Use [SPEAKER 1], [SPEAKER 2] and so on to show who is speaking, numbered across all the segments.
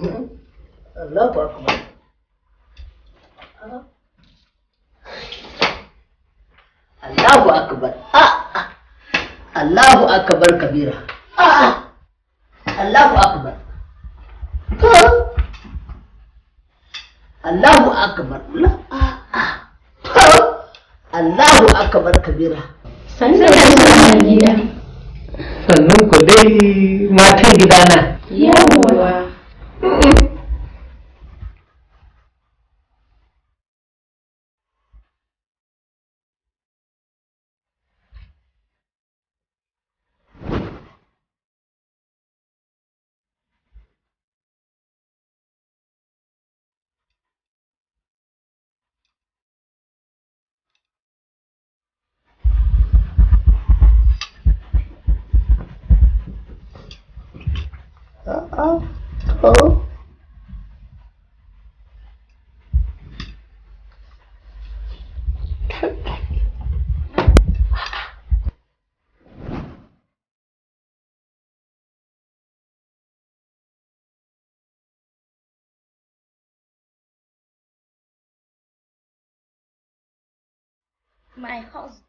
[SPEAKER 1] Hm? love Allahu akbar. Allahu akbar. Ah, Allahu akbar kabira. Ah, ah. Allahu akbar. Allahu akbar. Ah, ah. Allahu akbar kabira. Sannan ku dai matan gidana. Yawa. Uh -oh. oh. My house.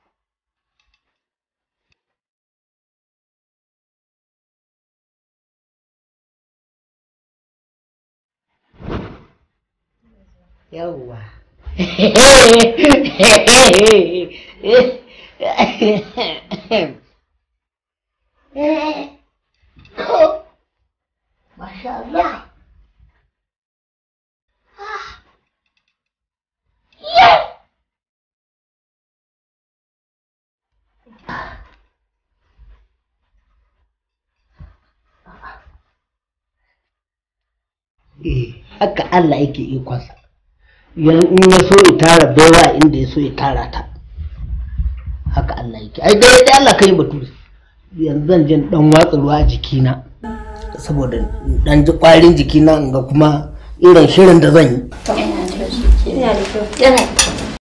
[SPEAKER 1] yawwa Allah. Ah. Eh, haka Allah yake ikonsa. in ya so ya tara baiwa inda ya so ya tara ta haka Allah yake ai dai dai Allah kai batu yanzu zan jin dan watsa ruwa a jikina saboda dan ji kwarin jikina in ga kuma irin shirin da zan yi